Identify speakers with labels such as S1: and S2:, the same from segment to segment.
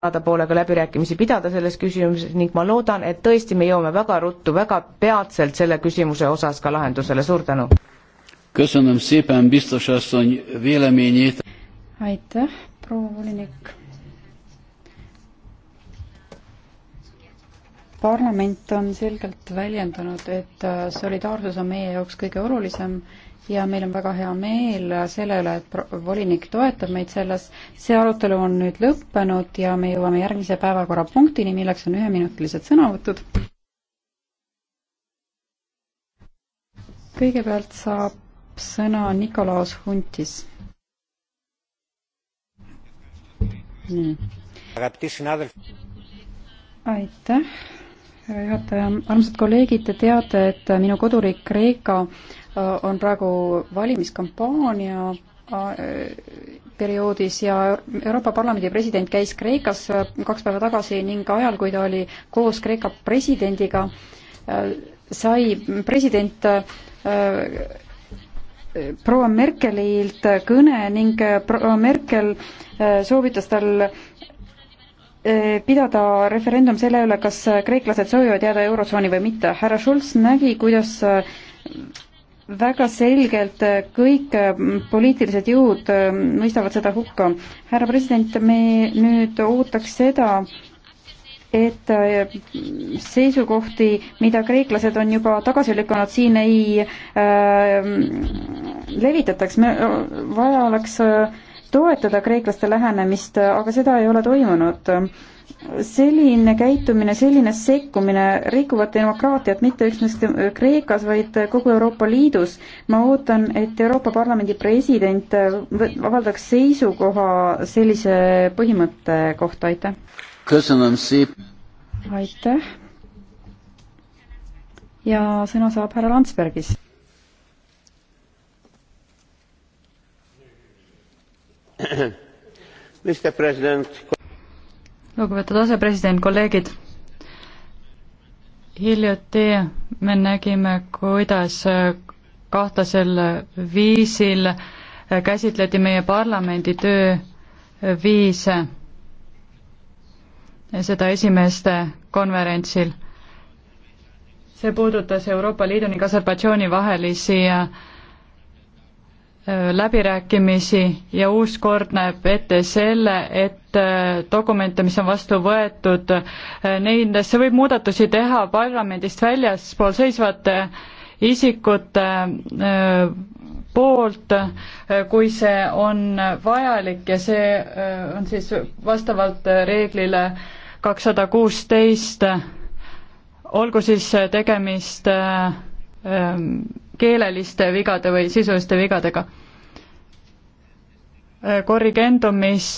S1: saada poolega läbirääkimisi pidada selles küsimuses ning ma loodan, et tõesti me jõuame väga ruttu, väga peatselt selle küsimuse osas ka lahendusele, suur tänu!
S2: aitäh, proua volinik! parlament on selgelt väljendanud, et solidaarsus on meie jaoks kõige olulisem ja meil on väga hea meel selle üle, et volinik toetab meid selles. see arutelu on nüüd lõppenud ja me jõuame järgmise päevakorrapunktini, milleks on üheminutilised sõnavõtud. kõigepealt saab sõna Nikolaos Huntis. nii. aitäh, juhataja. armsad kolleegid, te teate, et minu koduriik Kreeka äh, Äh, on praegu valimiskampaania äh, perioodis ja Euroopa Parlamendi president käis Kreekas äh, kaks päeva tagasi ning ajal, kui ta oli koos Kreeka presidendiga, sai president proua Merkelilt kõne ning proua Merkel soovitas tal pidada referendum selle üle, kas kreeklased soovivad jääda eurotsooni või mitte. härra Schulz nägi, kuidas väga selgelt äh, kõik äh, poliitilised jõud äh, mõistavad seda hukka. härra president, me nüüd ootaks seda, et seisukohti, mida kreeklased on juba tagasi lükanud, siin ei äh, levitataks, me vaja oleks äh, toetada kreeklaste lähenemist, aga seda ei ole toimunud. selline käitumine, selline sekkumine rikuvad demokraatiat mitte üksnes Kreekas, vaid kogu Euroopa Liidus. ma ootan, et Euroopa Parlamendi president avaldaks seisukoha sellise põhimõtte kohta, aitäh. aitäh. ja sõna saab härra Landsbergis
S3: lugupeetud asepresident, kolleegid. hiljuti me nägime, kuidas kahtlasel viisil käsitleti meie parlamendi tööviise, seda esimeeste konverentsil. see puudutas Euroopa Liidu ning Aserbaidžaani vahelisi läbirääkimisi ja uus kord näeb ette selle, et dokumente, mis on vastu võetud, nendesse võib muudatusi teha parlamendist väljaspool seisvate isikute poolt, kui see on vajalik ja see on siis vastavalt reeglile kakssada kuusteist, olgu siis tegemist keeleliste vigade või sisuliste vigadega. Corrigendum, mis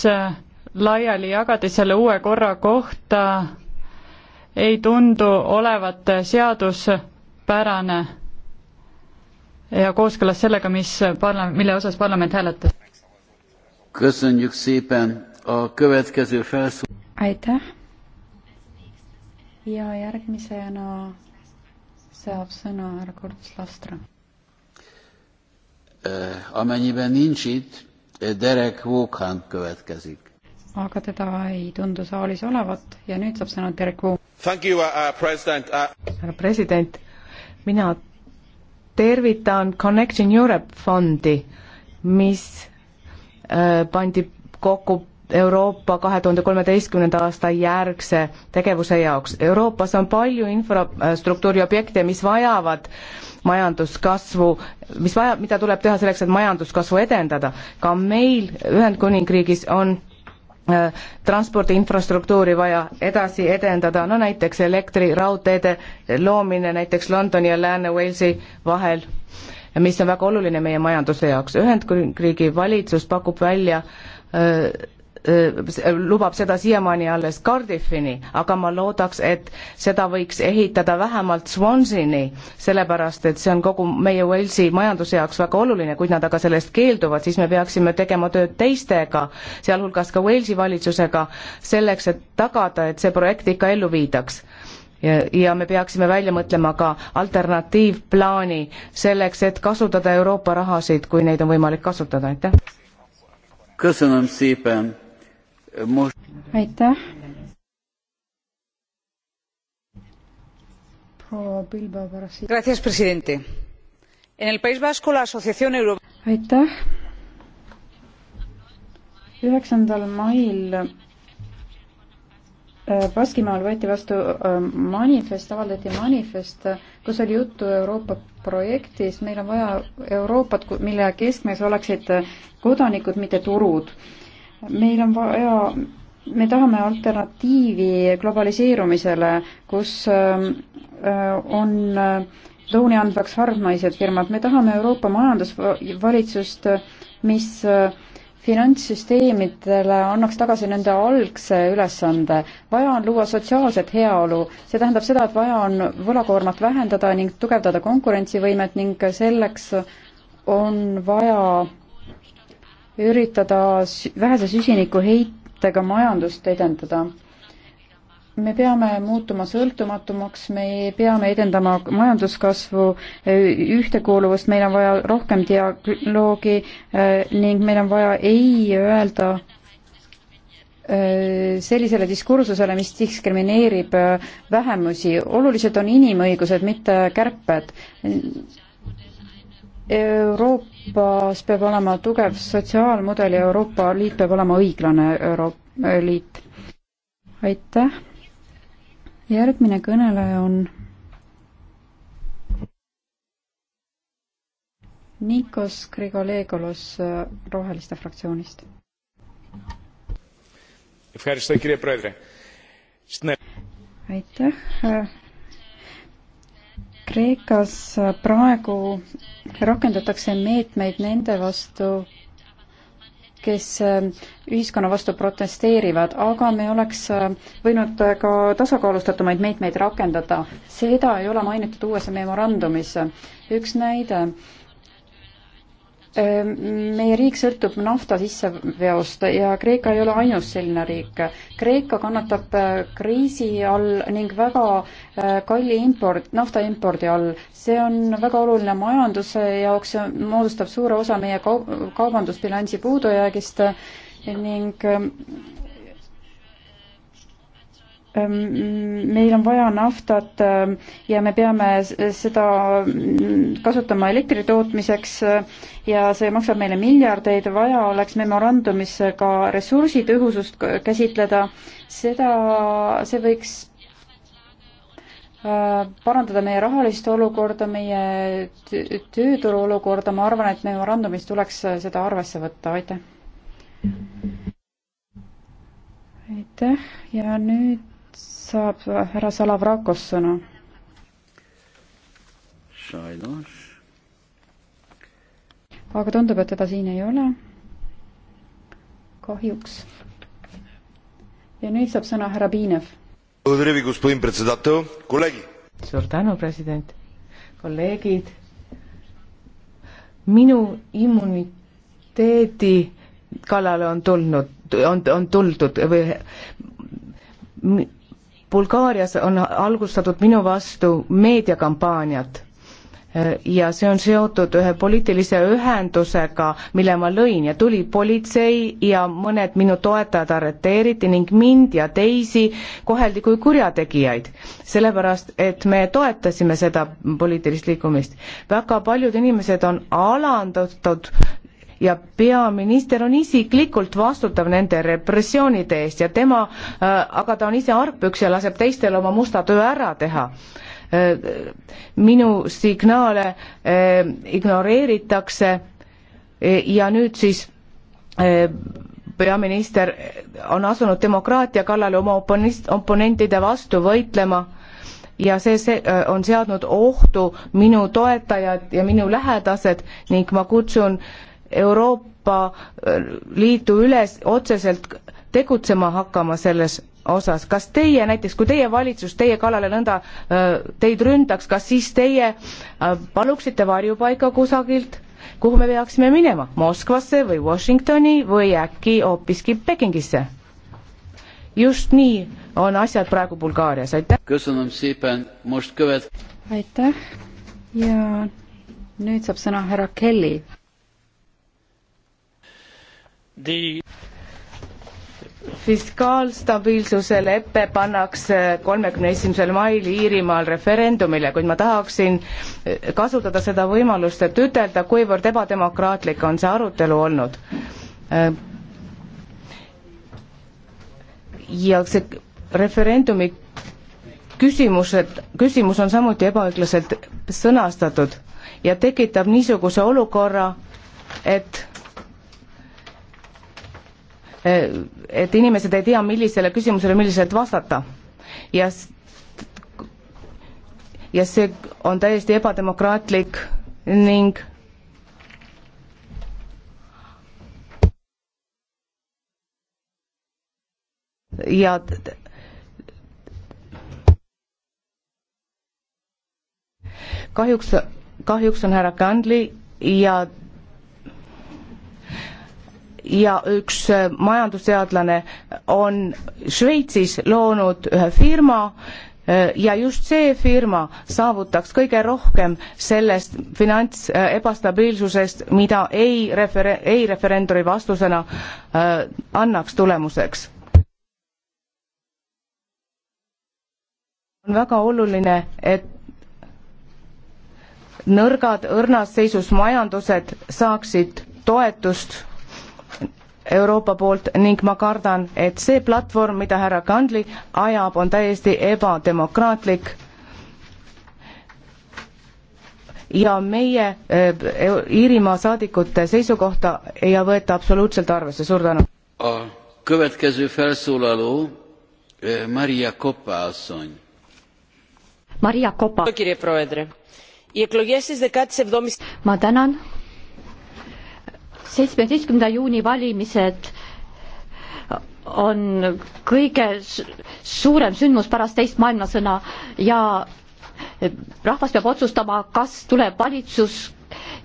S3: laiali jagati selle uue korra kohta, ei tundu olevat seaduspärane ja kooskõlas sellega, mis parla-, mille osas parlament hääletas.
S2: aitäh ja järgmisena no saab sõna härra Kurts Lastra.
S4: Amennyiben nincs itt, Derek Vaughan következik.
S2: aga teda ei tundu
S1: saalis olevat ja nüüd saab sõna Derek Vaughan.
S4: Uh, uh, uh,
S1: härra president, mina tervitan Connection Europe fondi, mis äh, pandi kokku Euroopa kahe tuhande kolmeteistkümnenda aasta järgse tegevuse jaoks. Euroopas on palju infrastruktuuri objekte, mis vajavad majanduskasvu, mis vajab, mida tuleb teha selleks, et majanduskasvu edendada. ka meil Ühendkuningriigis on äh, transpordi infrastruktuuri vaja edasi edendada, no näiteks elektriraudteede loomine näiteks Londoni ja Lääne-Walesi vahel, mis on väga oluline meie majanduse jaoks. Ühendkuningriigi valitsus pakub välja äh, lubab seda siiamaani alles Cardiffini, aga ma loodaks, et seda võiks ehitada vähemalt Swansini, sellepärast et see on kogu meie Walesi majanduse jaoks väga oluline, kui nad aga sellest keelduvad, siis me peaksime tegema tööd teistega, sealhulgas ka Walesi valitsusega, selleks, et tagada, et see projekt ikka ellu viidaks ja, ja me peaksime välja mõtlema ka alternatiivplaani selleks, et kasutada Euroopa rahasid, kui neid on võimalik kasutada, aitäh.
S4: köszönöm szépen
S1: aitäh.
S2: señor presidente en el país vasco la asociación europea. üheksandal mail äh, Baskimaal võeti vastu äh, manifest, avaldati manifest, kus oli juttu Euroopa projektist, meil on vaja Euroopat, mille keskmes oleksid äh, kodanikud, mitte turud meil on vaja, me tahame alternatiivi globaliseerumisele, kus ähm, äh, on äh, tooni andvaks hargmaised firmad, me tahame Euroopa majandusvalitsust, mis äh, finantssüsteemidele annaks tagasi nende algse ülesande. vaja on luua sotsiaalset heaolu, see tähendab seda, et vaja on võlakoormat vähendada ning tugevdada konkurentsivõimet ning selleks on vaja üritada vähese süsinikuheitega majandust edendada. me peame muutuma sõltumatumaks, me peame edendama majanduskasvu, e, ühtekuuluvust, meil on vaja rohkem dialoogi e, ning meil on vaja ei öelda e, sellisele diskursusele, mis diskrimineerib vähemusi. olulised on inimõigused, mitte kärped Euroopas peab olema tugev sotsiaalmudel ja Euroopa Liit peab olema õiglane Euroopa Liit. aitäh. järgmine kõneleja on Nikos Grigolegolos äh, Roheliste fraktsioonist. aitäh, äh, Kreekas äh, praegu rakendatakse meetmeid nende vastu, kes äh, ühiskonna vastu protesteerivad, aga me oleks äh, võinud ka tasakaalustatumaid meetmeid rakendada. seda ei ole mainitud uues memorandumis. üks näide meie riik sõltub nafta sisseveost ja Kreeka ei ole ainus selline riik. Kreeka kannatab äh, kriisi all ning väga äh, kalli import, nafta impordi all. see on väga oluline majanduse jaoks, see moodustab suure osa meie kau-, kaubandusbilansi puudujäägist ning äh, meil on vaja naftat ja me peame seda mm, kasutama elektri tootmiseks ja see maksab meile miljardeid, vaja oleks memorandumis ka ressursitõhusust käsitleda, seda, see võiks äh, parandada meie rahalist olukorda, meie tööturu olukorda, ma arvan, et memorandumis tuleks seda arvesse võtta, aitäh. aitäh ja nüüd saab härra Salavrakos sõna. sajnos. aga tundub, et teda siin ei ole. kahjuks. ja nüüd saab sõna
S1: härra Piinev. suur tänu, president. kolleegid, minu immuniteedi kallale on tulnud, on, on tuldud või Bulgaarias on algustatud minu vastu meediakampaaniat ja see on seotud ühe poliitilise ühendusega, mille ma lõin ja tuli politsei ja mõned minu toetajad arreteeriti ning mind ja teisi koheldi kui kurjategijaid, sellepärast et me toetasime seda poliitilist liikumist. väga paljud inimesed on alandatud ja peaminister on isiklikult vastutav nende repressioonide eest ja tema, äh, aga ta on ise argpüks ja laseb teistel oma musta töö ära teha äh, minu signaale äh, ignoreeritakse ja nüüd siis peaminister on asunud demokraatia kallale oma oponist, oponentide vastu võitlema ja see, see on seadnud ohtu minu toetajad ja minu lähedased ning ma kutsun äh, Euroopa äh, Liidu üles otseselt tegutsema hakkama selles osas, kas teie näiteks, kui teie valitsus teie kallale nõnda äh, teid ründaks, kas siis teie äh, paluksite varjupaika kusagilt, kuhu me peaksime minema, Moskvasse või Washingtoni või äkki hoopiski Pekingisse?
S4: just nii on asjad praegu Bulgaarias, aitäh.
S1: aitäh
S2: ja nüüd saab sõna härra Kelly.
S3: The
S1: fiskaalstabiilsuse lepe pannakse kolmekümne esimesel mail Iirimaal referendumile, kuid ma tahaksin eh, kasutada seda võimalust, et ütelda, kuivõrd ebademokraatlik on see arutelu olnud. Eh, ja see referendumi küsimused, küsimus on samuti ebaõiglaselt sõnastatud ja tekitab niisuguse olukorra, et Eh, et inimesed ei tea, millisele küsimusele milliselt vastata. ja ja see on täiesti ebademokraatlik ning ja kahjuks, kahjuks on härra Kandli ja ja üks äh, majandusteadlane on Šveitsis loonud ühe firma äh, ja just see firma saavutaks kõige rohkem sellest finants äh, ebastabiilsusest, mida ei refer-, ei referendumi vastusena annaks tulemuseks on väga oluline, et nõrgad, õrnas seisus majandused saaksid toetust Euroopa poolt ning ma kardan, et see platvorm, mida härra Kandli ajab, on täiesti ebademokraatlik. ja meie eh, Iirimaa saadikute seisukohta ei võeta absoluutselt arvesse, suur tänu.
S4: Eh, Maria Kopa asszony.
S5: Maria Kopa. ma tänan seitsmeteistkümnenda juuni valimised on kõige suurem sündmus pärast teist maailmasõna ja rahvas peab otsustama, kas tuleb valitsus,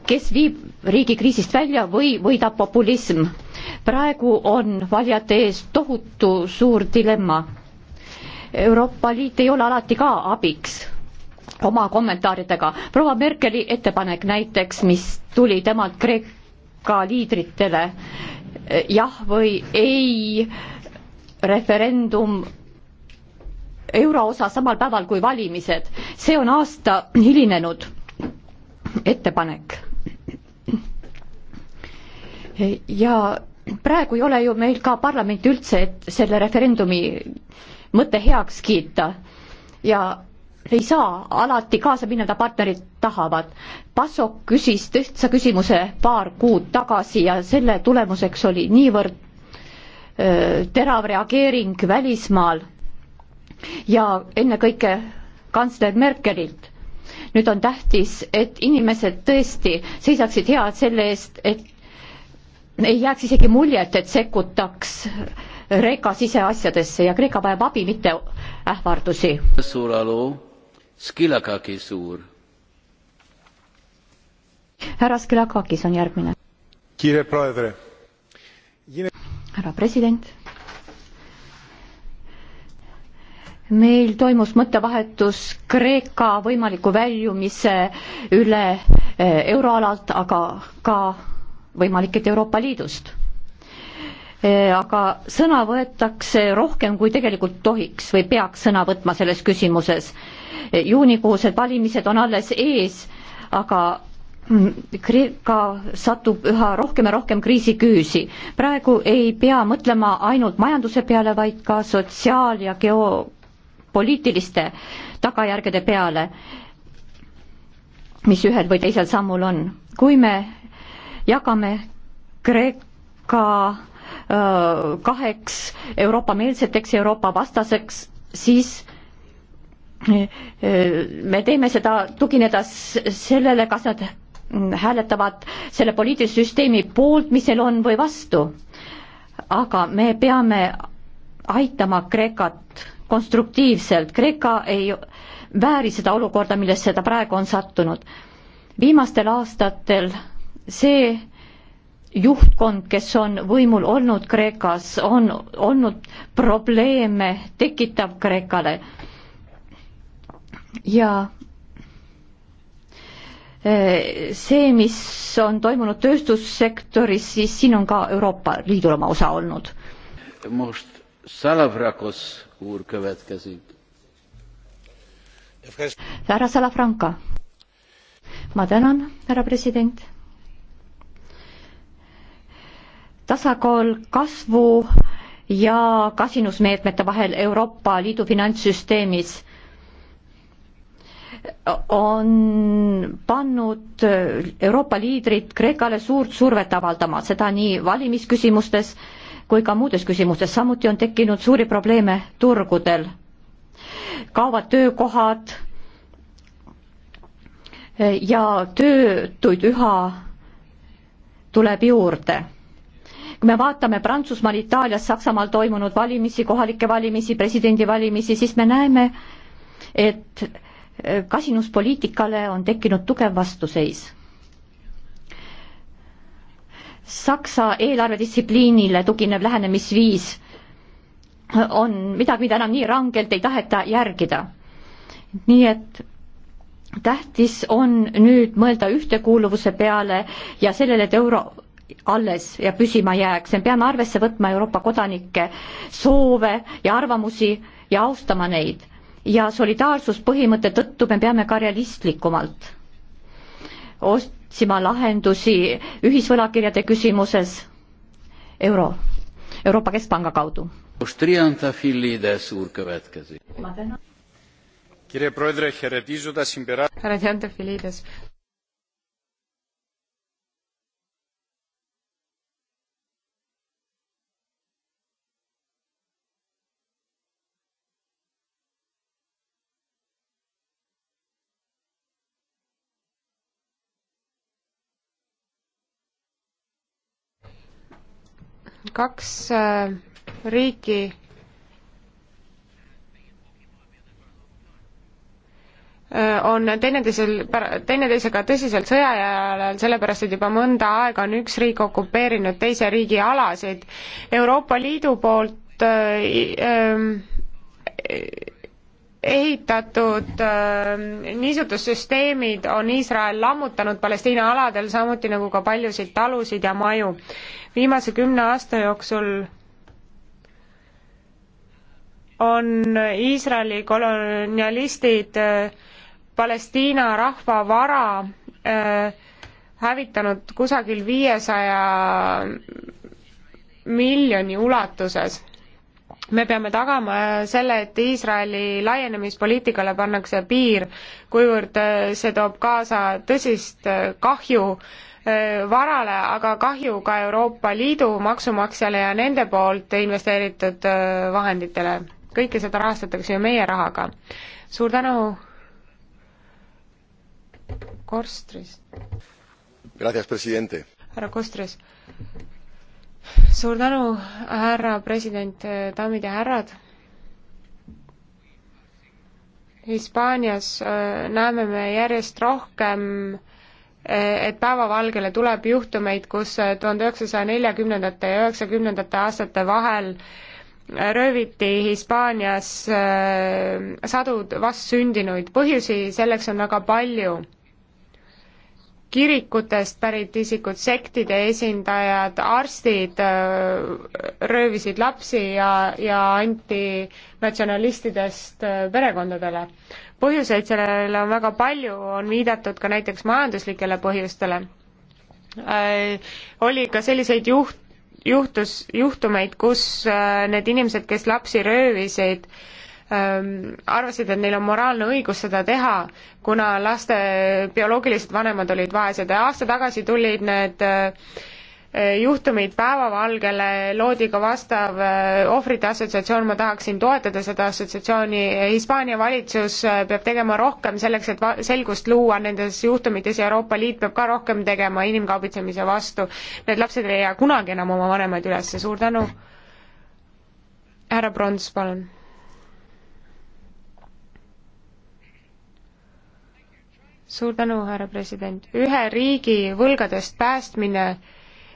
S5: kes viib riigi kriisist välja või võidab populism. praegu on valijate ees tohutu suur dilemma. Euroopa Liit ei ole alati ka abiks oma kommentaaridega. proua Merkeli ettepanek näiteks, mis tuli temalt Kreek-, ka liidritele eh, jah või ei referendum euro osas samal päeval kui valimised. see on aasta hilinenud ettepanek. ja praegu ei ole ju meil ka parlamenti üldse, et selle referendumi mõte heaks kiita ja ei saa alati kaasa minna, mida partnerid tahavad. Pasok küsis tõhtsa küsimuse paar kuud tagasi ja selle tulemuseks oli niivõrd öö, terav reageering välismaal ja ennekõike kantsler Merkelilt. nüüd on tähtis, et inimesed tõesti seisaksid head selle eest, et ei jääks isegi muljet, et sekkutaks Kreeka siseasjadesse ja Kreeka vajab abi, mitte ähvardusi.
S4: suur alu Skilakakis úr.
S5: härra Skilakakis on järgmine. härra president. meil toimus mõttevahetus Kreeka võimaliku väljumise üle eh, euroalalt, aga ka võimalik, et Euroopa Liidust eh, aga sõna võetakse rohkem, kui tegelikult tohiks või peaks sõna võtma selles küsimuses juunikuused valimised on alles ees, aga mm, Kreeka satub üha rohkem ja rohkem kriisiküüsi. praegu ei pea mõtlema ainult majanduse peale, vaid ka sotsiaal- ja geopoliitiliste tagajärgede peale, mis ühel või teisel sammul on. kui me jagame Kreeka öö, kaheks Euroopa-meelseteks ja Euroopa-vastaseks, siis me teeme seda tuginedes sellele, kas nad hääletavad selle poliitilise süsteemi poolt, mis neil on, või vastu. aga me peame aitama Kreekat konstruktiivselt, Kreeka ei vääri seda olukorda, millesse ta praegu on sattunud. viimastel aastatel see juhtkond, kes on võimul olnud Kreekas, on olnud probleeme tekitav Kreekale ja eh, see, mis on toimunud tööstussektoris, siis siin on ka Euroopa Liidul oma osa olnud. härra Salafranca. ma tänan, härra president. tasakaal kasvu ja kasinusmeetmete vahel Euroopa Liidu finantssüsteemis on pannud Euroopa liidrid Kreekale suurt survet avaldama, seda nii valimisküsimustes kui ka muudes küsimustes, samuti on tekkinud suuri probleeme turgudel. kaovad töökohad ja töötuid üha tuleb juurde kui me vaatame Prantsusmaal, Itaalias, Saksamaal toimunud valimisi, kohalikke valimisi, presidendivalimisi, siis me näeme, et kasinuspoliitikale on tekkinud tugev vastuseis. Saksa eelarvedistsipliinile tuginev lähenemisviis on midagi, mida enam nii rangelt ei taheta järgida. nii et tähtis on nüüd mõelda ühtekuuluvuse peale ja sellele, et euro alles ja püsima jääks, me peame arvesse võtma Euroopa kodanike soove ja arvamusi ja austama neid ja solidaarsuspõhimõtte tõttu me peame ka realistlikumalt otsima lahendusi ühisvõlakirjade küsimuses euro, Euroopa Keskpanga kaudu.
S4: härra Triantafilides,
S6: kaks äh, riiki äh, on teineteisel, teineteisega tõsiselt sõja ajal, sellepärast et juba mõnda aega on üks riik okupeerinud teise riigi alasid. Euroopa Liidu poolt äh, äh, ehitatud ähm, niisutussüsteemid on Iisrael lammutanud Palestiina aladel, samuti nagu ka paljusid talusid ja maju. viimase kümne aasta jooksul on Iisraeli kolonialistid äh, Palestiina rahva vara äh, hävitanud kusagil viiesaja miljoni ulatuses me peame tagama selle, et Iisraeli laienemispoliitikale pannakse piir, kuivõrd äh, see toob kaasa tõsist äh, kahju äh, varale, aga kahju ka Euroopa Liidu maksumaksjale ja nende poolt investeeritud vahenditele. kõike seda rahastatakse ju meie rahaga. suur tänu Korstrist. härra Kostris suur tänu, härra president, daamid ja härrad. Hispaanias äh, näeme me järjest rohkem äh, et päevavalgele tuleb juhtumeid, kus äh, tuhande üheksasaja neljakümnendate ja üheksakümnendate aastate vahel rööviti Hispaanias sadu vastsündinuid, põhjusi selleks on väga palju kirikutest pärit isikud, sektide esindajad, arstid äh, röövisid lapsi ja, ja anti natsionalistidest äh, perekondadele. põhjuseid sellele on väga palju, on viidatud ka näiteks majanduslikele põhjustele. Äh, oli ka selliseid juht-, juhtus, juhtumeid, kus need inimesed, kes lapsi röövisid, Ähm, arvasid, et neil on moraalne õigus seda teha, kuna laste bioloogilised vanemad olid vaesed ja aasta tagasi tulid need äh, juhtumid päevavalgele, loodi ka vastav äh, ohvrite assotsiatsioon, ma tahaksin toetada seda assotsiatsiooni, Hispaania valitsus äh, peab tegema rohkem selleks, et va-, selgust luua nendes juhtumites ja Euroopa Liit peab ka rohkem tegema inimkaubitsemise vastu. Need lapsed ei jää kunagi enam oma vanemaid üles, suur tänu! härra Prons, palun suur tänu, härra president. ühe riigi võlgadest päästmine,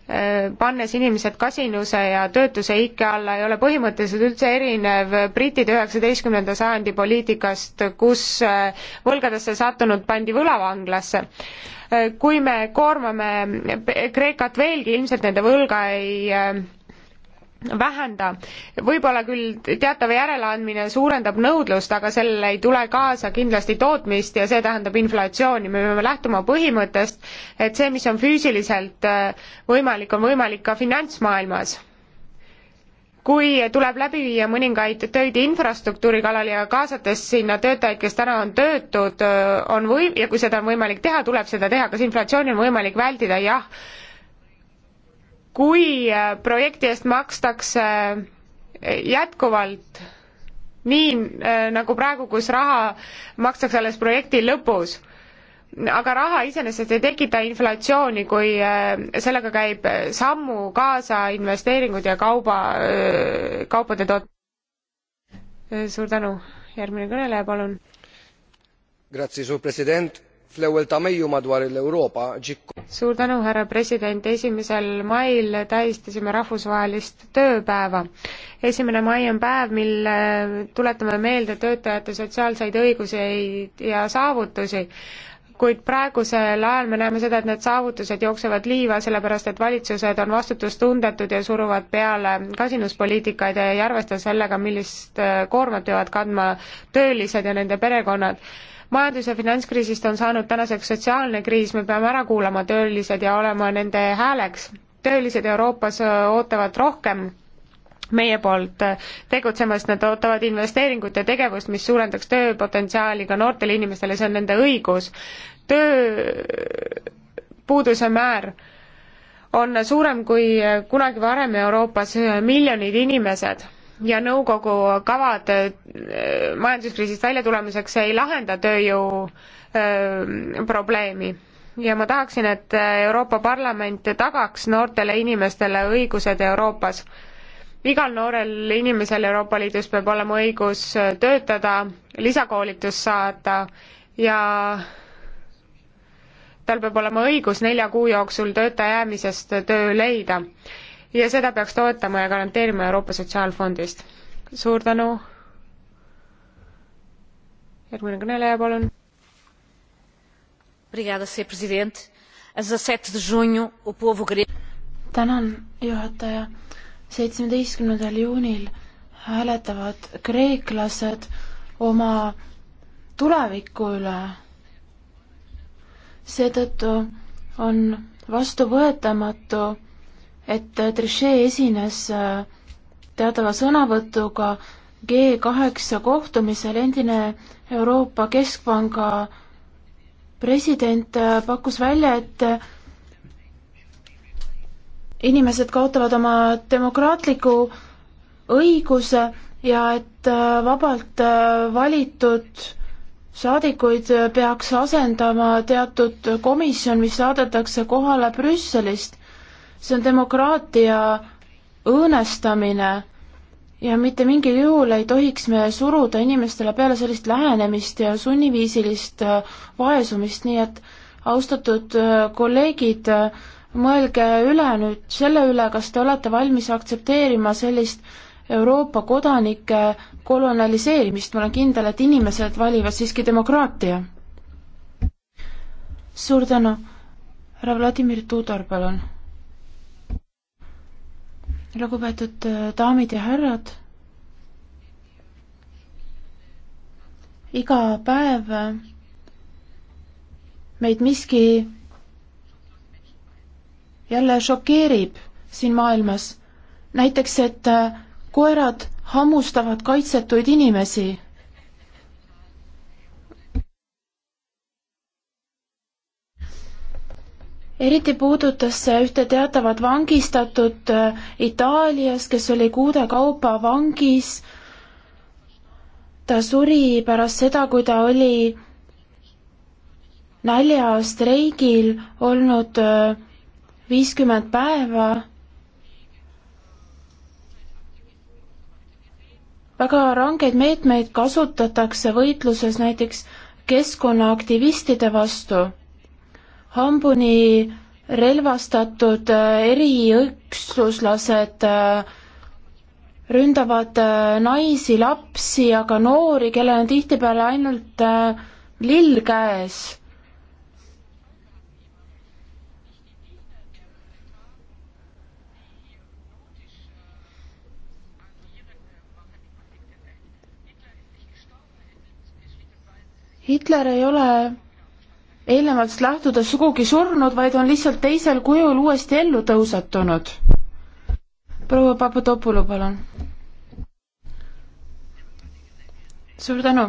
S6: äh, pannes inimesed kasinuse ja töötuse ikke alla, ei ole põhimõtteliselt üldse erinev brittide üheksateistkümnenda sajandi poliitikast, kus äh, võlgadesse sattunud pandi võlavanglasse äh, kui me koormame Kreekat veelgi, ilmselt nende võlga ei vähenda. võib-olla küll teatava järeleandmine suurendab nõudlust, aga sellel ei tule kaasa kindlasti tootmist ja see tähendab inflatsiooni. me peame lähtuma põhimõttest, et see, mis on füüsiliselt äh, võimalik, on võimalik ka finantsmaailmas kui tuleb läbi viia mõningaid töid infrastruktuuri kallal ja kaasates sinna töötajaid, kes täna on töötud, äh, on või-, ja kui seda on võimalik teha, tuleb seda teha, kas inflatsiooni on võimalik vältida, jah kui äh, projekti eest makstakse äh, jätkuvalt nii äh, nagu praegu, kus raha makstakse alles projekti lõpus, aga raha iseenesest ei tekita inflatsiooni, kui sellega käib sammu kaasa investeeringud ja kauba, kaupade toot-. suur tänu, järgmine kõneleja, palun.
S1: Grazie, suur president fl-ewwel ta' Mejju madwar l-Ewropa ġikku.
S6: suur tänu, härra president, esimesel mail tähistasime rahvusvahelist tööpäeva. esimene mai on päev, mil äh, tuletame meelde töötajate sotsiaalseid õigusi ja saavutusi kuid praegusel ajal me näeme seda, et need saavutused jooksevad liiva, sellepärast et valitsused on vastutustundetud ja suruvad peale kasinuspoliitikaid ja ei arvesta sellega, millist äh, koormat peavad kandma töölised ja nende perekonnad majandus- ja finantskriisist on saanud tänaseks sotsiaalne kriis, me peame ära kuulama töölised ja olema nende hääleks. töölised Euroopas äh, ootavad rohkem meie poolt äh, tegutsemast, nad ootavad investeeringut ja tegevust, mis suurendaks tööpotentsiaali ka noortele inimestele, see on nende õigus. tööpuuduse määr on suurem kui kunagi varem Euroopas, miljonid inimesed ja nõukogu kavad äh, majanduskriisist väljatulemiseks ei lahenda tööjõu öö, äh, probleemi. ja ma tahaksin, et äh, Euroopa Parlament tagaks noortele inimestele õigused Euroopas. igal noorel inimesel Euroopa Liidus peab olema õigus töötada, lisakoolitust saada ja tal peab olema õigus nelja kuu jooksul tööta jäämisest töö leida ja seda peaks toetama ja garanteerima Euroopa Sotsiaalfondist. suur tänu. järgmine kõneleja, palun.
S7: tänan, juhataja. seitsmeteistkümnendal juunil hääletavad kreeklased oma tuleviku üle. seetõttu on vastuvõetamatu et Trichet esines äh, teatava sõnavõtuga G kaheksa kohtumisel endine Euroopa Keskpanga president äh, pakkus välja, et äh, inimesed kaotavad oma demokraatliku õiguse ja et vabalt valitud saadikuid peaks asendama teatud komisjon, mis saadetakse kohale Brüsselist see on demokraatia õõnestamine ja mitte mingil juhul ei tohiks me suruda inimestele peale sellist lähenemist ja sunniviisilist äh, vaesumist, nii et austatud äh, kolleegid, äh, mõelge üle nüüd selle üle, kas te olete valmis aktsepteerima sellist Euroopa kodanike koloniseerimist, ma olen kindel, et inimesed valivad siiski demokraatia. suur tänu, härra Vladimir Tudor, palun lugupeetud äh, daamid ja härrad. iga päev äh, meid miski jälle šokeerib siin maailmas. näiteks, et äh, koerad hammustavad kaitsetuid inimesi eriti puudutas see ühte teatavat vangistatut äh, Itaalias, kes oli kuude kaupa vangis. ta suri pärast seda, kui ta oli näljastreigil olnud äh, viiskümmend päeva. väga rangeid meetmeid kasutatakse võitluses näiteks keskkonnaaktivistide vastu hambuni relvastatud äh, eriüksuslased äh, ründavad äh, naisi, lapsi, aga noori, kellel on tihtipeale ainult lill käes. Hitler ei ole eelnevalt lähtuda sugugi surnud, vaid on lihtsalt teisel kujul uuesti ellu tõusetunud. proua Papadopulu, palun. suur tänu.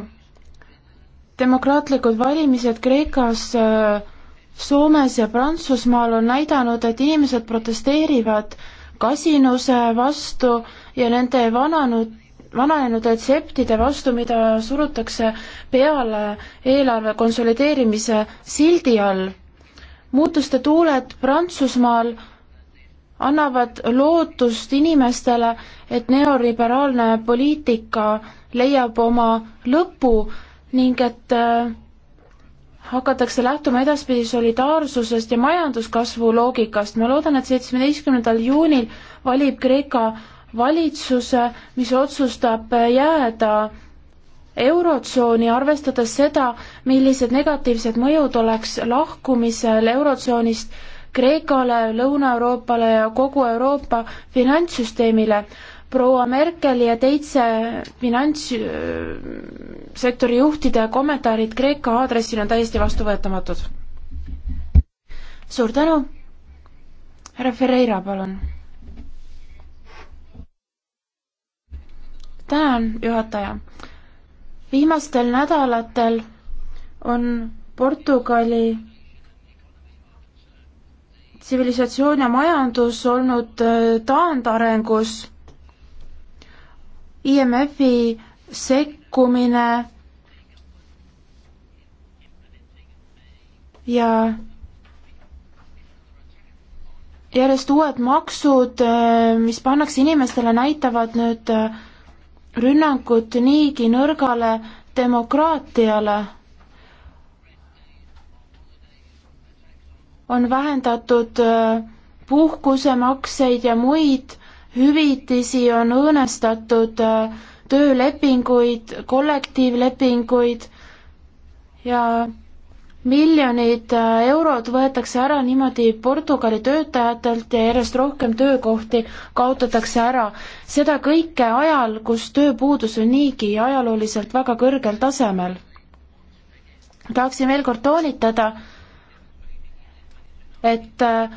S7: demokraatlikud valimised Kreekas, äh, Soomes ja Prantsusmaal on näidanud, et inimesed protesteerivad kasinuse vastu ja nende vananenud vananenud retseptide vastu, mida surutakse peale eelarve konsolideerimise sildi all. muutuste tuuled Prantsusmaal annavad lootust inimestele, et neoliberaalne poliitika leiab oma lõpu ning et äh, hakatakse lähtuma edaspidi solidaarsusest ja majanduskasvu loogikast. ma loodan, et seitsmeteistkümnendal juunil valib Kreeka valitsuse, mis otsustab jääda eurotsooni, arvestades seda, millised negatiivsed mõjud oleks lahkumisel eurotsoonist Kreekale, Lõuna-Euroopale ja kogu Euroopa finantssüsteemile. proua Merkeli ja teise
S6: finantssektori
S7: juhtide kommentaarid Kreeka aadressil on täiesti vastuvõetamatud. suur tänu, härra Ferreira, palun tänan, juhataja. viimastel nädalatel on Portugali tsivilisatsioon ja majandus olnud äh, taandarengus. IMF-i sekkumine ja järjest uued maksud, äh, mis pannakse inimestele, näitavad nüüd äh, rünnakud niigi nõrgale demokraatiale on vähendatud äh, puhkusemakseid ja muid hüvitisi, on õõnestatud äh, töölepinguid, kollektiivlepinguid ja miljonid äh, eurod võetakse ära niimoodi Portugali töötajatelt ja järjest rohkem töökohti kaotatakse ära. seda kõike ajal, kus tööpuudus on niigi ajalooliselt väga kõrgel tasemel. tahaksin veel kord toonitada, et äh,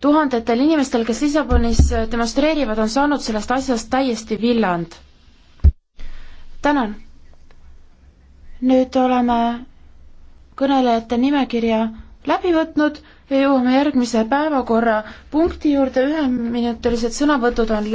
S7: tuhandetel inimestel, kes Lissabonis äh, demonstreerivad, on saanud sellest asjast täiesti villand. tänan. nüüd oleme kõnelejate nimekirja
S3: läbi võtnud ja jõuame järgmise päevakorrapunkti juurde, üheminutilised sõnavõtud on